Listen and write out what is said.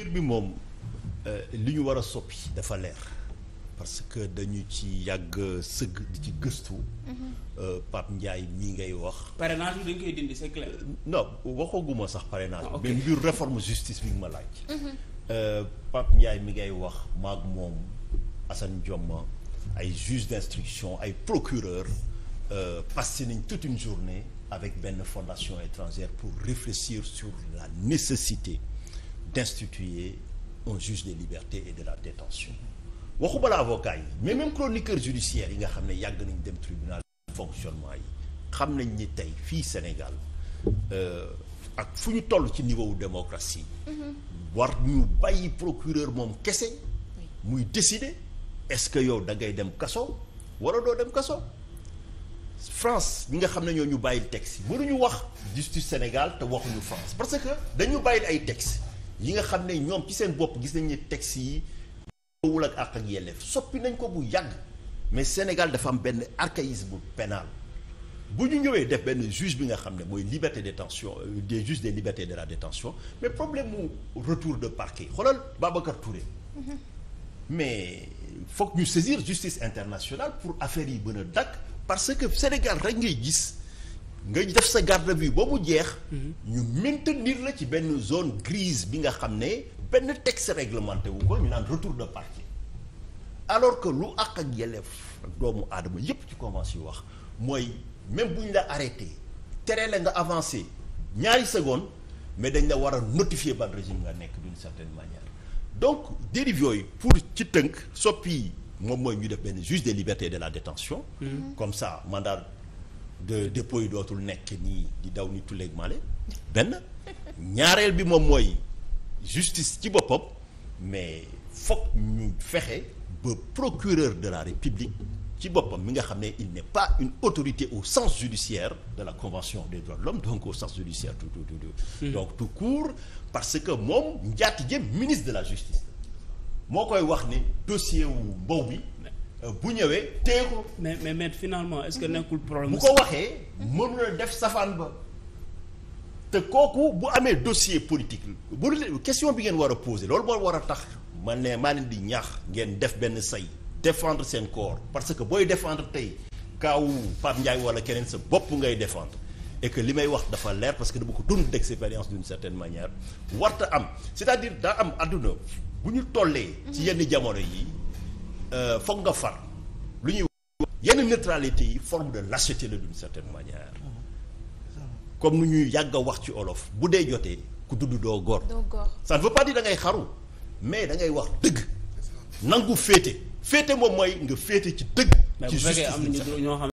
mbir bi moom euh, li ñu war a soppi dafa leer parce que dañu ci yàgg sëgg di ci gëstu. Mm-hmm. Euh, Pape Ndiaye mii ngay wax. parrainage bi dañ koy dindi c'est clair. Euh, non waxaguma sax parrainage bi. Ah, mais mbir réforme justice bi nga ma laaj. Mm-hmm. Pape Ndiaye mi ngay wax maag moom Assane Dioma ay juge d'instruction ay procureur passé nañ toute une journée avec benn fondation étrangère pour réfléchir sur la nécessité. d'instituer un juge de libertés et de la détention waxu bala avocat yi mais ni kër judiciaire yi nga xam ne yàgg nañ dem tribunal fonctionnement yi xam nañ ni tey fii Sénégal euh, ak fu ñu toll ci niveau démocratie mhm. war ñu bàyyi procureur moom kese muy décider est-ce que yow da ngay dem kaso wala doo dem kaso France ñi nga xam ne ñoo ñu bàyyil texte mënuñu wax justice Sénégal te waxuñu France parce que dañu bàyyil ay texte yi nga xam ne ñoom ci seen bopp gis nañ ne texte yi wul ak àq ak yelleef soppi nañ ko bu yàgg mais Sénégal dafa am benn archaïsme pénal bu ñu ñëwee def benn juge bi nga xam ne mooy liberté détention euh, des juges des libertés de la détention mais problème mu retour de parquet xoolal Babacar Touré mm-hmm. mais foog ñu saisir justice internationale pour affaire yi bën a dakk parce que Sénégal rek ngay gis nga def sa garde à ba mu jeex. Mhm. ñu maintenir la ci benn zone grise bi nga xam ne benn texte réglementé wu ko ñu naan retour de parquet alors que lu àq ak yelleef doomu aadama yépp ci convention wax mooy même bu ñu la arrêté tere la nga avancer ñaari seconde mais dañ la war a notifier ban régime nga nekk d'une certaine manière donc dérive yooyu pour ci tënk soppi moom mooy ñu def benn juge des libertés de la détention mhm. comme ça mandat de dépôt yi dootul nekk nii di daw ni tulleeg male benn ñaareel bi moom mooy justice ci boppam mais foog ñu fexe ba procureur de la république ci boppam mi nga xam ne il ne pas une autorité au sens judiciaire de la convention des droits de l'homme donc au sens judiciaire tout tout tout donc tout court parce que moom njaatige ministre de la justice moo koy wax ni dossier wu mbow bi Euh, bu ñëwee téye ko. mais mais mais finalement est-ce mm-hmm. nekkul problème. bu ko waxee mënu na def safaan ba. te kooku bu amee dossier politique bu question bi ngeen war a poser loolu boo war a tax man ne maa leen di ñax ngeen def benn say défendre seen corps parce que booy défendre tey kaawu Pape Ndiaye wala keneen sa bopp ngay défendre et li may wax dafa leer parce que dama ko dund d'expérience d'une certaine manière warta am c'est-à-dire daa am àdduna bu ñu tollee ci yenn jamono yi Euh, foog nga far lu ñuy yenn neutralité yi forme de lâcheté la d'une certaine manière mhm. comme nu ñuy yàgg wax ci olof bu dee jotee ku dudd doo góor ça ne veut pas dire da ngay xaru mais da ngay wax dëgg nangu féete féete moom mooy nga féete ci dëgg ci justice